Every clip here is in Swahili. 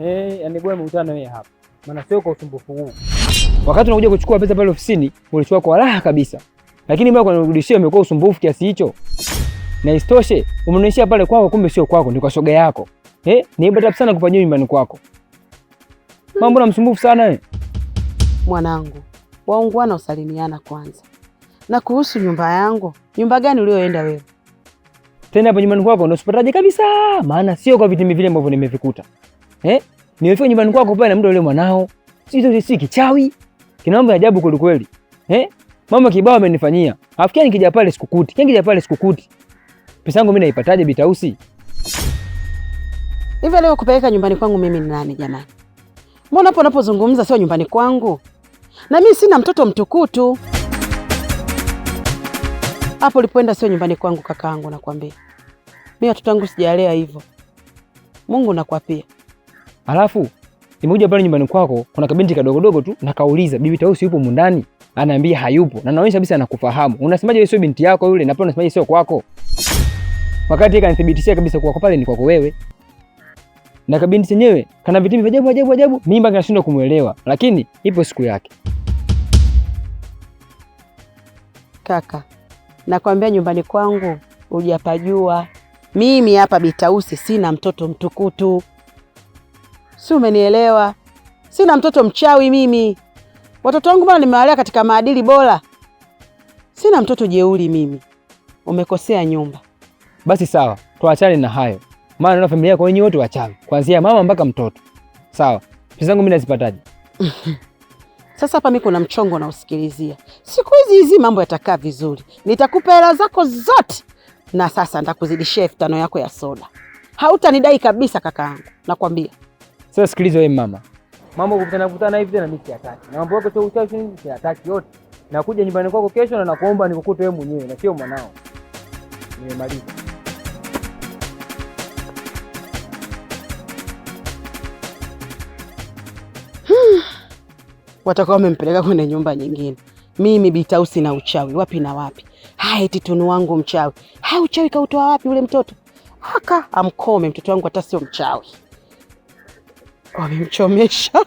Ehe, yani bwana mkutano wewe hapa. Maana sio kwa usumbufu huu. Wakati unakuja kuchukua pesa pale ofisini, ulichukua kwa raha kabisa. Lakini mbona kwa kurudishia imekuwa usumbufu kiasi hicho? Na istoshe, umenishia pale kwako kumbe sio kwako, ni kwa shoga yako. Eh, ni bata sana kupa nyumbani kwako. Mambo na msumbufu sana wewe. Mwanangu, waungwana usalimiana kwanza. Na kuhusu nyumba yangu, nyumba gani ulioenda wewe? Tena hapo nyumbani kwako ndio usipataje kabisa, maana sio kwa vitimbi vile ambavyo nimevikuta eh? Nimefika nyumbani kwako pale na mtu yule mwanao. Sisi si kichawi. Kina mambo ya ajabu kweli kweli. Eh? Mama kibao amenifanyia. Afikia nikija pale sikukuti. Kia yaani nikija pale sikukuti. Pesa yangu mimi naipataje Bitausi? Hivi leo kupeleka nyumbani kwangu mimi ni nani jamani? Mbona hapo unapozungumza sio nyumbani kwangu? Na mimi sina mtoto mtukutu. Hapo ulipoenda sio nyumbani kwangu kakaangu nakwambia. Mimi watoto wangu sijalea hivyo. Mungu nakwapia. Alafu nimekuja pale nyumbani kwako, kuna kabinti kadogodogo tu, nakauliza bibi Tausi yupo mundani, anaambia hayupo, na naonyesha kabisa anakufahamu. Unasemaje wewe sio binti yako yule? Na pale unasemaje sio kwako, wakati yeye kanithibitishia kabisa kuwa pale ni kwako wewe. Na kabinti chenyewe kana vitimbi vya ajabu ajabu ajabu, mimi mpaka kumuelewa, lakini ipo siku yake. Kaka nakwambia, nyumbani kwangu ujapajua, Mimi hapa Bitausi sina mtoto mtukutu si umenielewa? Sina mtoto mchawi mimi, watoto wangu bwana, nimewalea katika maadili bora. Sina mtoto jeuri mimi. Umekosea nyumba. Basi sawa, tuachane na hayo, maana na familia yako wenyewe wote wachawi, kuanzia mama mpaka mtoto. Sawa, pesa zangu mimi nazipataje? Sasa hapa mimi kuna mchongo nausikilizia. Siku hizi hizi mambo yatakaa vizuri, nitakupa hela zako zote, na sasa nitakuzidishia elfu tano yako ya soda. Hautanidai kabisa, kakaangu, nakwambia. Sasa sikiliza wewe mama. Mambo kukutana kukutana hivi tena mimi siataki. Na mambo yako sio uchawi ni siataki yote. Nakuja nyumbani kwako kesho na nakuomba nikukute wewe mwenyewe na sio mwanao. Nimemaliza. Watakuwa wamempeleka kwenye nyumba nyingine. Mimi Bitausi na uchawi wapi na wapi? Hai titunu wangu mchawi. Hai uchawi kautoa wapi ule mtoto? Haka amkome mtoto wangu hata sio mchawi wamemchomesha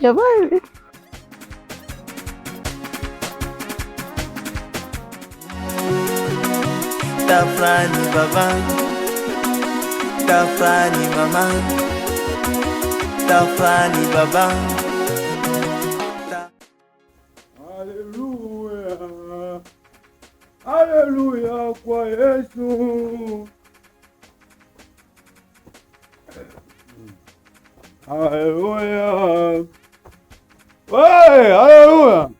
jamani. Tafrani baba, tafrani mama, tafrani baba. Haleluya, haleluya kwa Yesu. Haleluya, haleluya.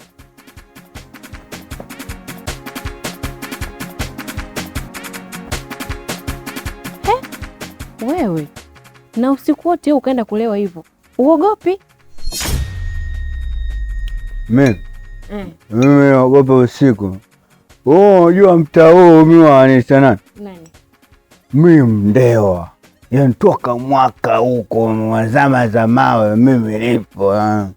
Wewe na usiku wote ukaenda kulewa hivyo, uogopi? Mimi mm. mimi naogopa usiku. Unajua mtaa huu mimi waanisha nani? Mimi Mdewa yantoka mwaka huko wazama za mawe, mimi nipo yaani,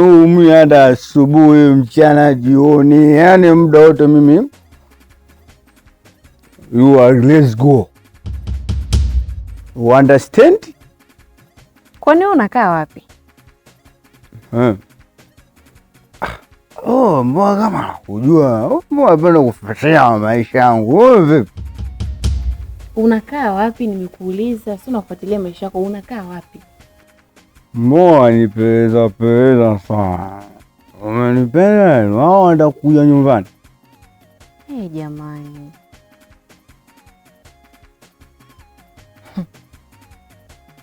umi hata asubuhi, mchana, jioni, yani muda wote mimi you are let's go. You understand? Kwani unakaa wapi? Oh, mbona kama nakujua mbona napenda kufuatia maisha yangu vipi? Unakaa wapi? Nimekuuliza, si unafuatilia maisha yako, unakaa wapi? Mboa nipeleza peleza sana, umenipenda au anda kuja nyumbani? Hey, eh, jamani hm.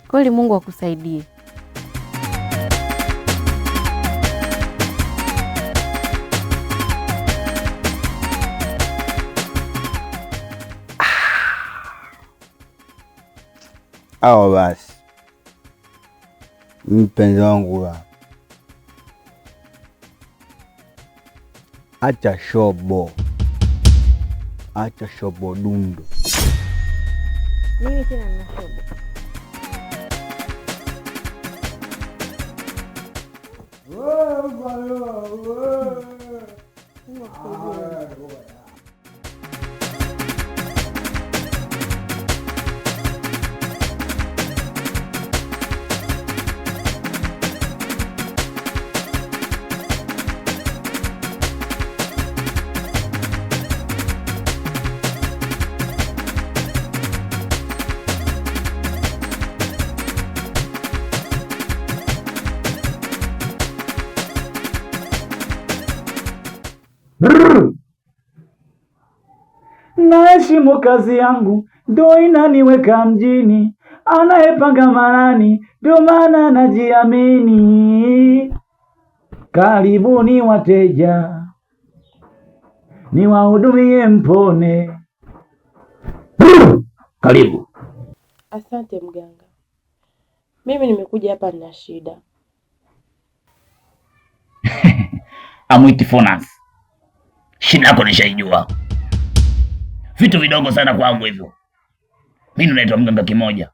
kweli Mungu akusaidie. Awa basi, mpenzi wangu, acha shobo, acha shobo dundu. Mimi tena nina shobo? Naheshimu kazi yangu, ndo inaniweka mjini. Anayepanga marani, ndo maana najiamini. Karibuni wateja, niwahudumie mpone. Karibu. Asante mganga, mimi nimekuja hapa nina shida. Amwiti Fonas, shida yako nishaijua vitu vidogo sana kwangu hivyo. Mimi naitwa mganga kimoja,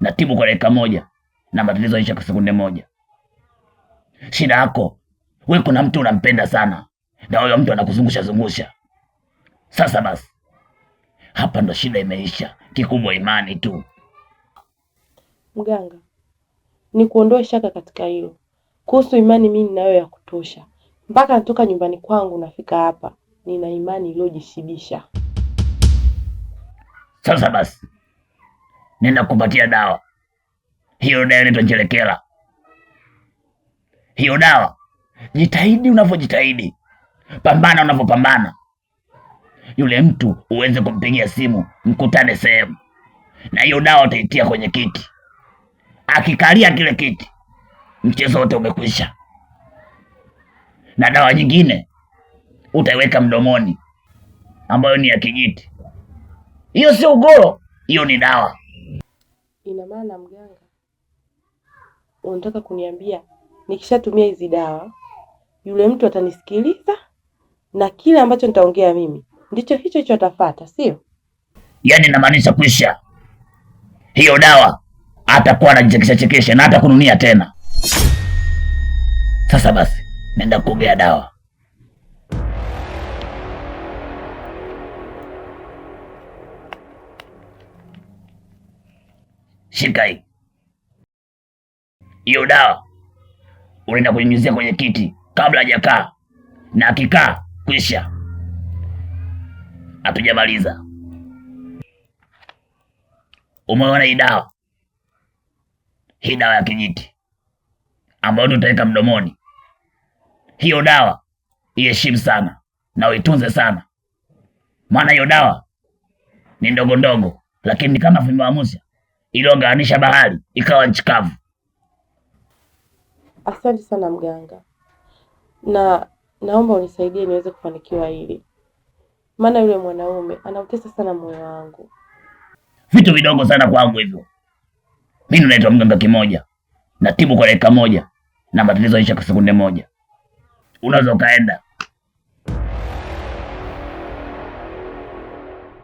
natibu kwa dakika moja na matatizo yaisha kwa sekunde moja. Shida yako wewe, kuna mtu unampenda sana na huyo mtu anakuzungusha zungusha. Sasa basi, hapa ndo shida imeisha, kikubwa imani tu. Mganga, ni kuondoe shaka katika hilo. Kuhusu imani, mimi ninayo ya kutosha. Mpaka natoka nyumbani kwangu nafika hapa, nina imani iliyojishibisha. Sasa basi, nenda kupatia dawa hiyo. Dawa inaitwa njelekela. Hiyo dawa, jitahidi unavyojitahidi, pambana unavyopambana, yule mtu uweze kumpigia simu, mkutane sehemu, na hiyo dawa utaitia kwenye kiti. Akikalia kile kiti, mchezo wote umekwisha. Na dawa nyingine utaiweka mdomoni, ambayo ni ya kijiti hiyo sio ugoro, hiyo ni dawa. Ina maana mganga, unataka kuniambia nikishatumia hizi dawa yule mtu atanisikiliza na kile ambacho nitaongea mimi ndicho hicho hicho atafuata, sio? Yaani namaanisha kwisha hiyo dawa atakuwa anajichekesha chekesha na hata kununia tena. Sasa basi, nenda kuogea dawa. Shika hii hiyo dawa, unaenda kunyunyizia kwenye kiti kabla hajakaa, na akikaa kwisha. Hatujamaliza, umeona hii dawa, hii dawa ya kijiti ambayo tutaweka mdomoni. Hiyo dawa iheshimu sana na uitunze sana, maana hiyo dawa ni ndogo ndogo, lakini kama vimeamusha iliyounganisha bahari ikawa nchi kavu. Asante sana mganga, na naomba unisaidie niweze kufanikiwa hili, maana yule mwanaume anautesa sana moyo wangu. Vitu vidogo sana kwangu hivyo. Mimi naitwa mganga kimoja, natibu kwa dakika moja na matatizo yaisha kwa sekunde moja. Unaweza ukaenda.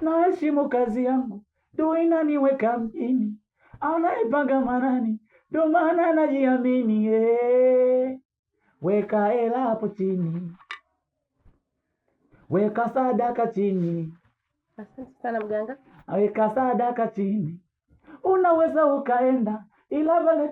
Naheshimu kazi yangu ndo inaniweka mjini, anaipanga marani, ndo maana najiamini. Eh. weka hela hapo chini, weka sadaka chini. Asante sana mganga. Weka sadaka chini, unaweza ukaenda ila vale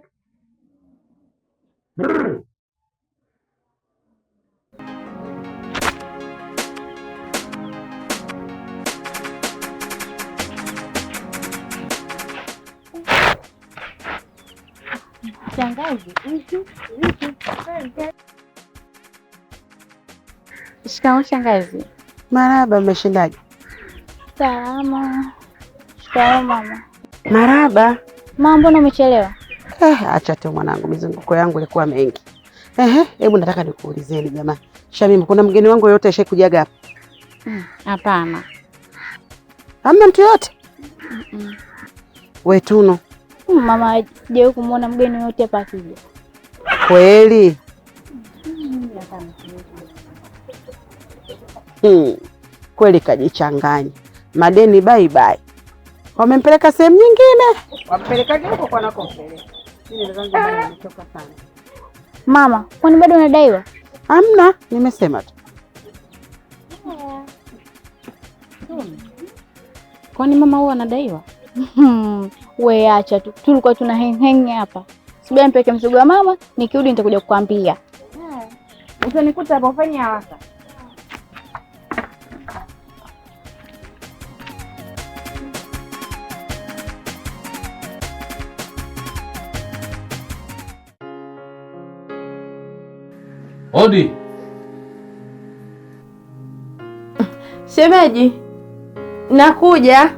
Shangazi, shikamoo. Shangazi. Maraba, mmeshindaje? Salama. Shikamoo mama. Maraba. Mama, mbona umechelewa? Eh, acha tu mwanangu, mizunguko yangu ilikuwa mengi. Ehe, hebu nataka nikuulizeni jamani, Shamimu, kuna mgeni wangu yoyote ashakujaga hapa? Mm, hapana. Hamna mtu yoyote? Wetuno Hm, mama hajawahi kumwona mgeni yote hapa akija. Kweli? Hmm. Kweli kajichanganya. Madeni bye bye. Wamempeleka sehemu nyingine, wampelekaje huko kwa Nimechoka mama. Kwani bado unadaiwa? Amna, nimesema tu. Hmm. Kwani mama huwa anadaiwa? Hmm we acha tu, tulikuwa tuna hang hapa. Subia nipeke mzigo wa mama, nikirudi nitakuja kukwambia. Hmm. Utanikuta hapo, fanya haraka. Odi. Shemeji, nakuja.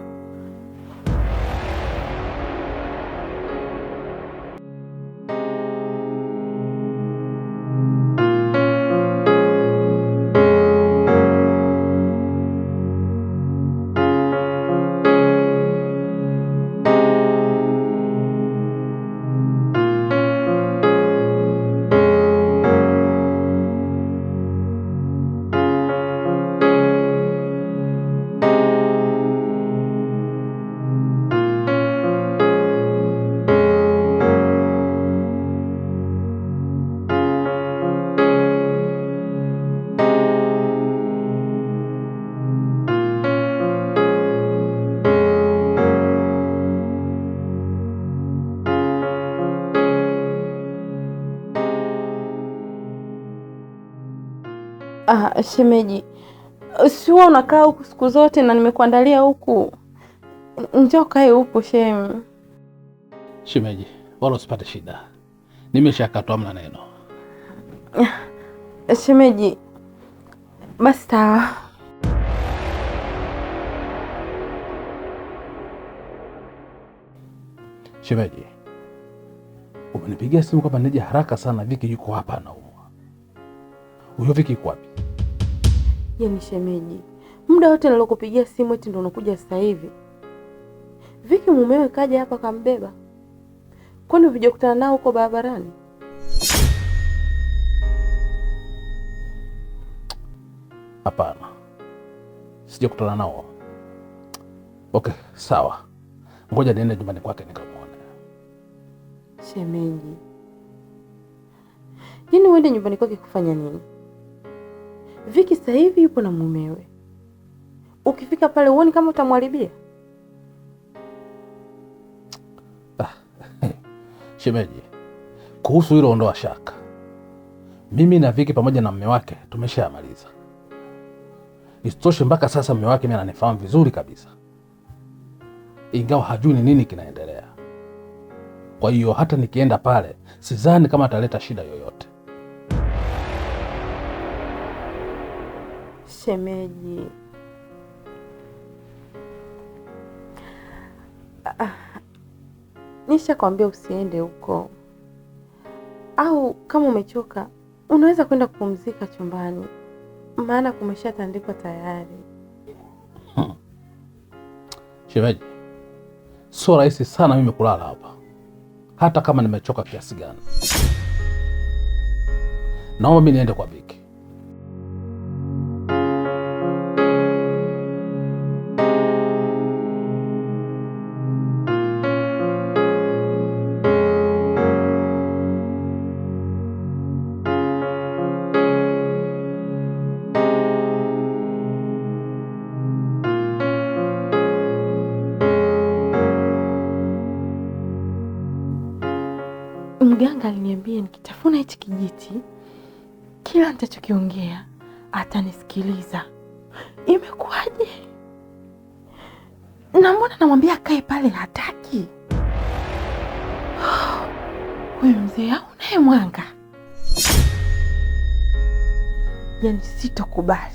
shemeji, siwa unakaa huku siku zote na nimekuandalia huku, njoo kae huku shemu. Shemeji, wala usipate shida, nimeshakatwa mna neno. Shemeji, basi sawa. Shemeji, umenipigia simu kwamba nija haraka sana, Viki yuko hapa anaumwa. Huyo Viki yuko wapi? Yaani shemeji, muda wote nilokupigia simu eti ndo unakuja sasa hivi. Viki mumewe kaja hapa kambeba, kwani vijakutana nao huko barabarani? Hapana, sijakutana nao. Okay, sawa, ngoja niende nyumbani kwake nikamwone. Shemeji, yaani uende nyumbani kwake kufanya nini? Viki sasa hivi yupo na mumewe. Ukifika pale uone kama utamwaribia ah, shemeji, kuhusu hilo ondoa shaka. Mimi na Viki pamoja na mume wake tumeshayamaliza. Isitoshe, mpaka sasa mume wake mimi ananifahamu vizuri kabisa, ingawa hajui ni nini kinaendelea. Kwa hiyo hata nikienda pale sidhani kama ataleta shida yoyote. shemeji. Ah, ah. nisha kwambia usiende huko, au kama umechoka unaweza kwenda kupumzika chumbani, maana kumeshatandikwa tayari. Hmm. Shemeji, sio rahisi sana mimi kulala hapa, hata kama nimechoka kiasi gani. Naomba mimi niende kwa Biki. kaka aliniambia nikitafuna hichi kijiti, kila nitachokiongea atanisikiliza. Imekuwaje? na mbona namwambia kae pale hataki? Huyu mzee au naye mwanga, yani sitokubali.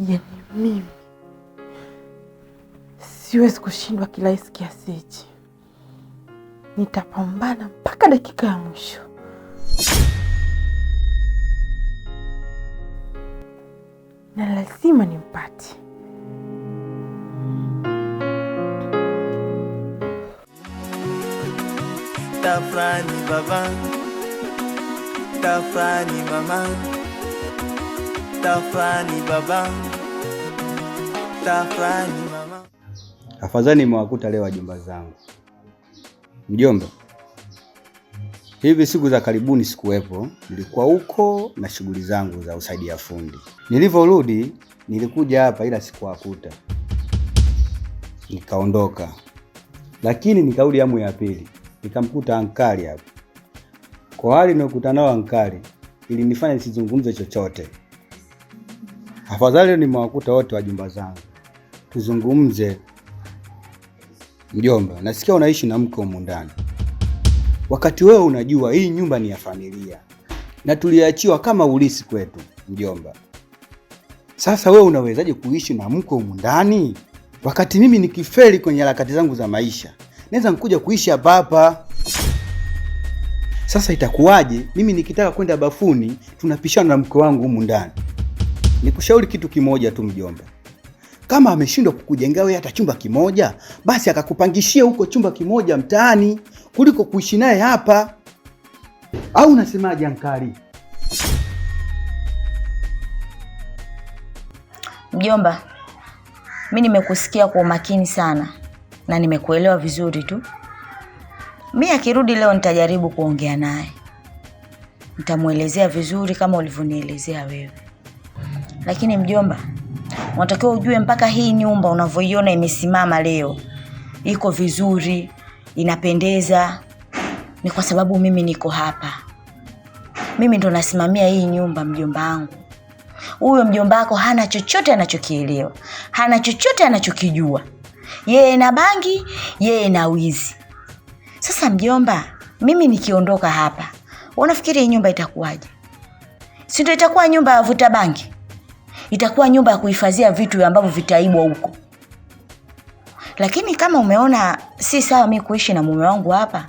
Yani mimi siwezi kushindwa kirahisi kiasi hichi nitapambana mpaka dakika ya mwisho. Na lazima nimpate. Tafrani baba, tafrani mama, tafrani baba, tafrani mama. Afadhali nimewakuta leo wajomba zangu. Mjomba, hivi siku za karibuni sikuwepo, nilikuwa huko na shughuli zangu za usaidia fundi. Nilivyorudi nilikuja hapa, ila sikuwakuta, nikaondoka. Lakini nikarudi amu ya pili, nikamkuta ankali hapa. Kwa hali nimekuta nao ankali ilinifanya nisizungumze chochote. Afadhali nimewakuta wote wa jumba zangu tuzungumze. Mjomba, nasikia unaishi na mke humu ndani, wakati wewe unajua hii nyumba ni ya familia na tuliachiwa kama ulisi kwetu. Mjomba, sasa wewe unawezaje kuishi na mke humu ndani wakati mimi nikifeli kwenye harakati zangu za maisha naweza nikuja kuishi hapa hapa. Sasa itakuwaje mimi nikitaka kwenda bafuni tunapishana na mke wangu humu ndani? Nikushauri kitu kimoja tu mjomba kama ameshindwa kukujengea wewe hata chumba kimoja, basi akakupangishia huko chumba kimoja mtaani kuliko kuishi naye hapa, au unasemaje ankari? Mjomba, mi nimekusikia kwa umakini sana na nimekuelewa vizuri tu. Mi akirudi leo nitajaribu kuongea naye, nitamwelezea vizuri kama ulivyonielezea wewe, lakini mjomba unatakiwa ujue mpaka hii nyumba unavyoiona imesimama leo iko vizuri inapendeza ni kwa sababu mimi niko hapa mimi ndo nasimamia hii nyumba mjomba wangu huyo mjomba wako hana chochote anachokielewa hana chochote anachokijua yeye na bangi yeye na wizi sasa mjomba mimi nikiondoka hapa unafikiri hii nyumba itakuwaje sindo itakuwa nyumba ya vuta bangi itakuwa nyumba ya kuhifadhia vitu ambavyo vitaibwa huko lakini kama umeona si sawa mi kuishi na mume wangu hapa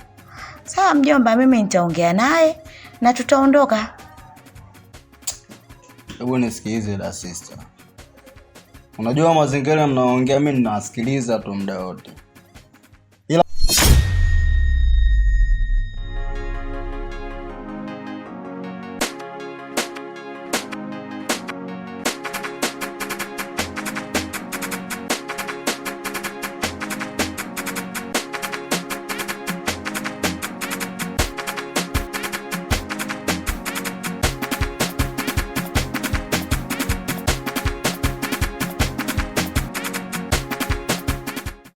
sawa mjomba mimi nitaongea naye na tutaondoka hebu nisikilize la sister unajua mazingira mnaongea mi ninawasikiliza tu muda wote